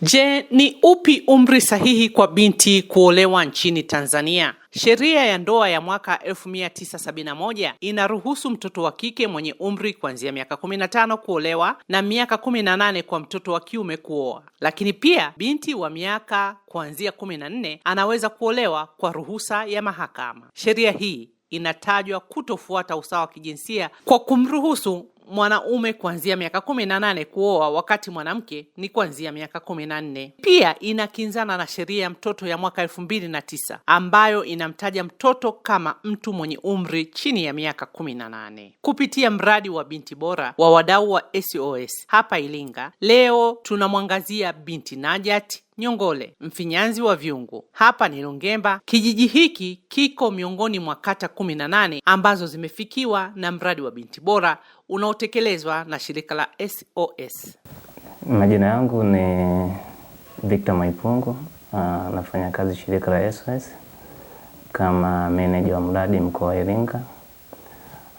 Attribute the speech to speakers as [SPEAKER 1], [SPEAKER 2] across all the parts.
[SPEAKER 1] Je, ni upi umri sahihi kwa binti kuolewa nchini Tanzania? Sheria ya ndoa ya mwaka 1971 inaruhusu mtoto wa kike mwenye umri kuanzia miaka 15 kuolewa na miaka 18 kwa mtoto wa kiume kuoa. Lakini pia binti wa miaka kuanzia 14 anaweza kuolewa kwa ruhusa ya mahakama. Sheria hii inatajwa kutofuata usawa wa kijinsia kwa kumruhusu mwanaume kuanzia miaka kumi na nane kuoa wakati mwanamke ni kuanzia miaka kumi na nne. Pia inakinzana na sheria ya mtoto ya mwaka elfu mbili na tisa ambayo inamtaja mtoto kama mtu mwenye umri chini ya miaka kumi na nane. Kupitia mradi wa binti bora wa wadau wa SOS hapa Ilinga, leo tunamwangazia binti najati Nyongole, mfinyanzi wa vyungu. Hapa ni rungemba Kijiji hiki kiko miongoni mwa kata kumi na nane ambazo zimefikiwa na mradi wa Binti Bora unaotekelezwa na shirika la SOS.
[SPEAKER 2] Majina yangu ni Victor Maipungu, anafanya ah, kazi shirika la SOS kama meneja wa mradi mkoa wa Iringa.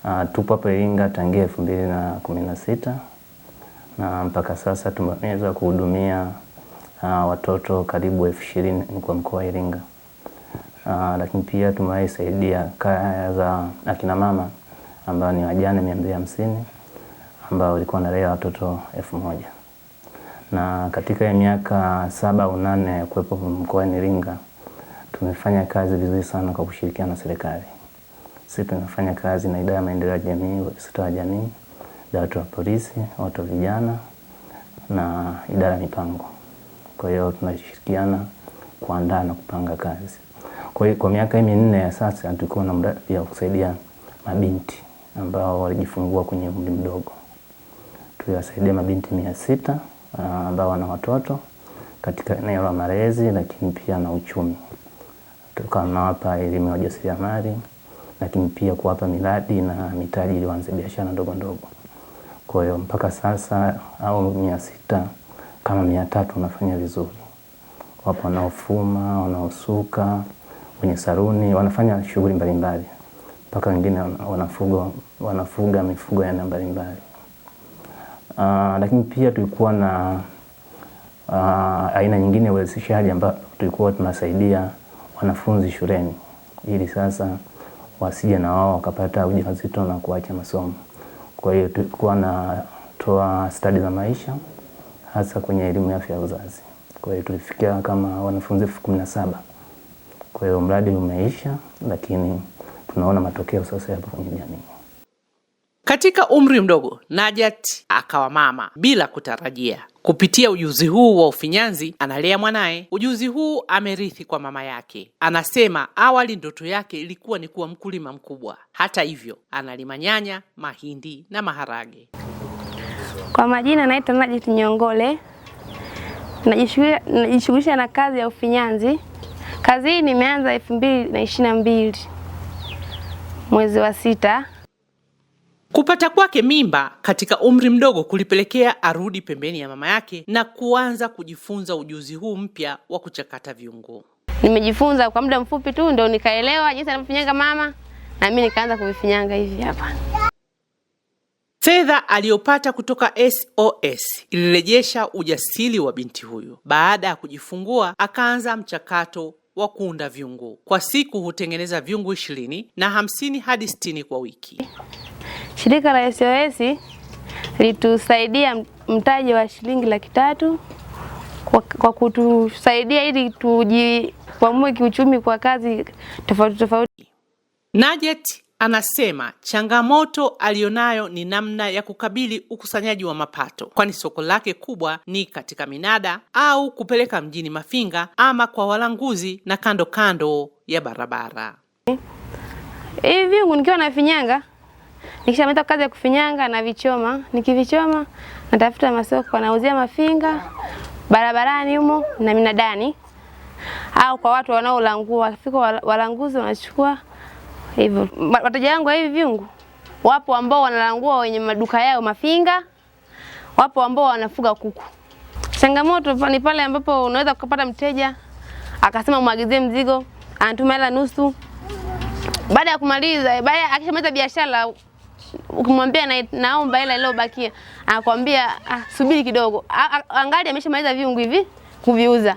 [SPEAKER 2] Ah, tupo hapa Iringa tangia elfu mbili na kumi na sita na mpaka sasa tumeweza kuhudumia uh, watoto karibu elfu ishirini kwa mkoa wa Iringa. Uh, lakini pia tumewaisaidia kaya za akina mama ambao ni wajane mia mbili hamsini ambao walikuwa na raia watoto elfu moja na katika miaka saba au nane ya kuwepo mkoani Iringa tumefanya kazi vizuri sana kwa kushirikiana na serikali. Sisi tunafanya kazi na idara ya maendeleo ya jamii, ustawi wa jamii, dawati la polisi, watu vijana na idara ya mipango. Kwa hiyo tunashirikiana kuandaa na kupanga kazi. Kwa hiyo kwa miaka hii minne ya sasa tulikuwa na mradi ya kusaidia mabinti ambao walijifungua kwenye umri mdogo. Tuliwasaidia mabinti mia sita ah, ambao wana watoto katika eneo la malezi, lakini pia na uchumi. Tukawa elimu ya ujasiriamali, lakini pia kuwapa miradi na mitaji ili waanze biashara ndogo ndogo. Kwa hiyo mpaka sasa au mia sita kama mia tatu wanafanya vizuri, wapo wanaofuma, wanaosuka, wenye saruni, wanafanya shughuli mbalimbali, mpaka wengine wanafuga, wanafuga mifugo ya aina mbalimbali. Uh, lakini pia tulikuwa na uh, aina nyingine ya uwezeshaji ambayo tulikuwa tunasaidia wanafunzi shuleni ili sasa wasije na wao wakapata ujauzito na kuacha masomo. Kwa hiyo tulikuwa natoa stadi za maisha hasa kwenye elimu ya afya ya uzazi. Kwa hiyo tulifikia kama wanafunzi elfu kumi na saba. Kwa hiyo mradi umeisha, lakini tunaona matokeo sasa yapo kwenye jamii.
[SPEAKER 1] Katika umri mdogo, Najat akawa mama bila kutarajia. Kupitia ujuzi huu wa ufinyanzi analea mwanaye. Ujuzi huu amerithi kwa mama yake. Anasema awali ndoto yake ilikuwa ni kuwa mkulima mkubwa. Hata hivyo, analima nyanya, mahindi na maharage.
[SPEAKER 3] Kwa majina naitwa Najit Nyongole, najishughulisha na kazi ya ufinyanzi. Kazi hii nimeanza elfu mbili na ishirini na mbili mwezi wa sita.
[SPEAKER 1] Kupata kwake mimba katika umri mdogo kulipelekea arudi pembeni ya mama yake na kuanza kujifunza ujuzi huu mpya wa kuchakata viungo.
[SPEAKER 3] Nimejifunza kwa muda mfupi tu, ndio nikaelewa jinsi anavyofinyanga mama, na mimi nikaanza kuvifinyanga hivi hapa.
[SPEAKER 1] Fedha aliyopata kutoka SOS ilirejesha ujasiri wa binti huyo. Baada ya kujifungua, akaanza mchakato wa kuunda vyungu. Kwa siku hutengeneza vyungu ishirini na hamsini hadi sitini kwa wiki.
[SPEAKER 3] Shirika la SOS litusaidia mtaji wa shilingi laki tatu kwa, kwa kutusaidia ili tujikwamue kiuchumi kwa kazi tofauti tofauti.
[SPEAKER 1] Najet Anasema changamoto aliyonayo ni namna ya kukabili ukusanyaji wa mapato, kwani soko lake kubwa ni katika minada au kupeleka mjini Mafinga ama kwa walanguzi na kando kando ya barabara.
[SPEAKER 3] Hivi eh, vyungu nikiwa nafinyanga, nikishamaliza kazi ya kufinyanga na vichoma, nikivichoma natafuta masoko, nauzia Mafinga barabarani humo na minadani au kwa watu wanaolangua, fika walanguzi wanachukua hivyo. Wateja wangu hivi vyungu, wapo ambao wanalangua wenye maduka yao mafinga, wapo ambao wanafuga kuku. Changamoto ni pale ambapo unaweza kupata mteja akasema mwagizie mzigo, anatuma hela nusu. Baada ya kumaliza, baada akishamaliza biashara, ukimwambia naomba hela iliyobakia, anakuambia ah, subiri kidogo, angali ameshamaliza vyungu hivi kuviuza.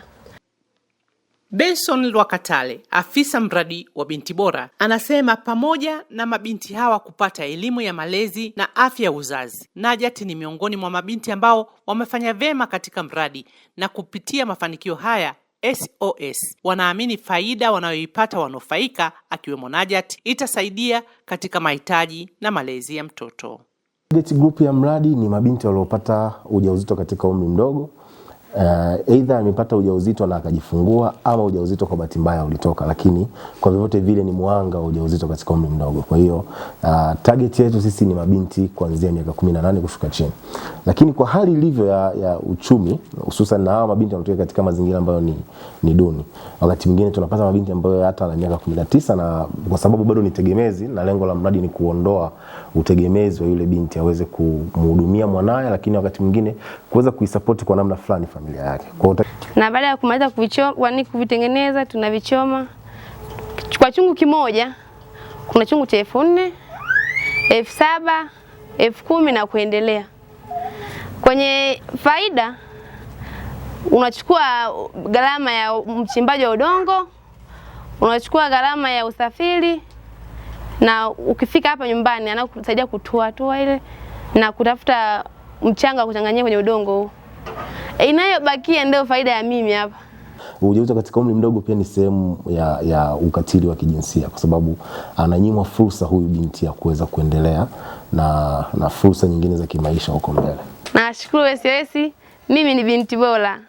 [SPEAKER 1] Benson Lwakatale, afisa mradi wa Binti Bora, anasema pamoja na mabinti hawa kupata elimu ya malezi na afya ya uzazi, Najat ni miongoni mwa mabinti ambao wamefanya vyema katika mradi na kupitia mafanikio haya SOS wanaamini faida wanayoipata wanufaika akiwemo Najat itasaidia katika mahitaji na malezi ya mtoto.
[SPEAKER 4] Group ya mradi ni mabinti waliopata ujauzito katika umri mdogo uh, either amepata ujauzito na akajifungua ama ujauzito kwa bahati mbaya ulitoka, lakini kwa vyovyote vile ni mwanga wa ujauzito katika umri mdogo. Kwa hiyo uh, target yetu sisi ni mabinti kuanzia miaka 18 kushuka chini, lakini kwa hali ilivyo ya, ya uchumi hususan na hawa mabinti wanatoka katika mazingira ambayo ni, ni duni, wakati mwingine tunapata mabinti ambayo hata na miaka 19 na kwa sababu bado ni tegemezi na lengo la mradi ni kuondoa utegemezi wa yule binti aweze kumhudumia mwanaye, lakini wakati mwingine kuweza kuisupport kwa namna fulani fulani familia yake.
[SPEAKER 3] Na baada ya kumaliza kuvichoma, kuvitengeneza tunavichoma kwa chungu kimoja, kuna chungu cha elfu nne elfu saba elfu kumi na kuendelea. Kwenye faida unachukua gharama ya mchimbaji wa udongo, unachukua gharama ya usafiri, na ukifika hapa nyumbani anakusaidia kutua tua ile na kutafuta mchanga wa kuchanganyia kwenye udongo huu inayobakia ndio faida ya mimi hapa.
[SPEAKER 4] Ujauzito katika umri mdogo pia ni sehemu ya, ya ukatili wa kijinsia kwa sababu ananyimwa fursa huyu binti ya kuweza kuendelea na, na fursa nyingine za kimaisha huko mbele.
[SPEAKER 3] Nashukuru wesiwesi, mimi ni binti bora.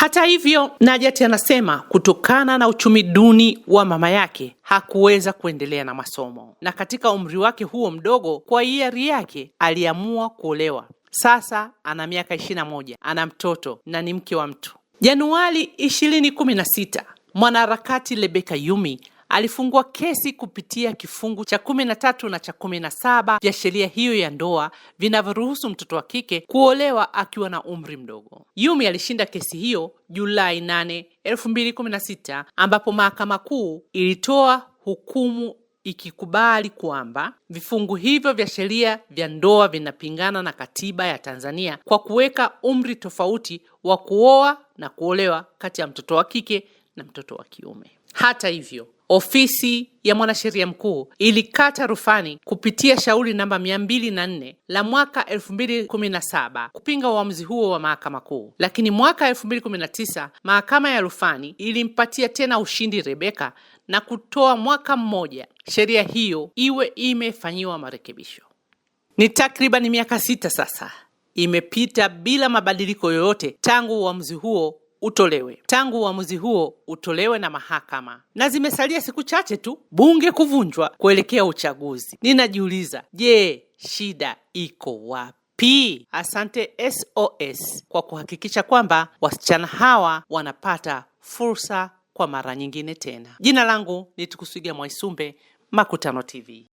[SPEAKER 1] Hata hivyo, Najat anasema kutokana na uchumi duni wa mama yake hakuweza kuendelea na masomo, na katika umri wake huo mdogo, kwa hiari yake aliamua kuolewa. Sasa ana miaka ishirini na moja, ana mtoto na ni mke wa mtu. Januari ishirini kumi na sita mwanaharakati rebeka Yumi alifungua kesi kupitia kifungu cha kumi na tatu na cha kumi na saba vya sheria hiyo ya ndoa vinavyoruhusu mtoto wa kike kuolewa akiwa na umri mdogo. Yumi alishinda kesi hiyo Julai 8, 2016 ambapo mahakama kuu ilitoa hukumu ikikubali kwamba vifungu hivyo vya sheria vya ndoa vinapingana na katiba ya Tanzania kwa kuweka umri tofauti wa kuoa na kuolewa kati ya mtoto wa kike na mtoto wa kiume. Hata hivyo Ofisi ya mwanasheria mkuu ilikata rufani kupitia shauri namba mia mbili na nne la mwaka elfu mbili kumi na saba kupinga uamuzi huo wa mahakama kuu, lakini mwaka elfu mbili kumi na tisa mahakama ya rufani ilimpatia tena ushindi Rebeka na kutoa mwaka mmoja sheria hiyo iwe imefanyiwa marekebisho. Ni takriban miaka sita sasa imepita bila mabadiliko yoyote tangu uamuzi huo utolewe. Tangu uamuzi huo utolewe na mahakama na zimesalia siku chache tu bunge kuvunjwa kuelekea uchaguzi, ninajiuliza, je, shida iko wapi? P. Asante SOS kwa kuhakikisha kwamba wasichana hawa wanapata fursa kwa mara nyingine tena. Jina langu ni Tukuswiga Mwaisumbe, Makutano TV.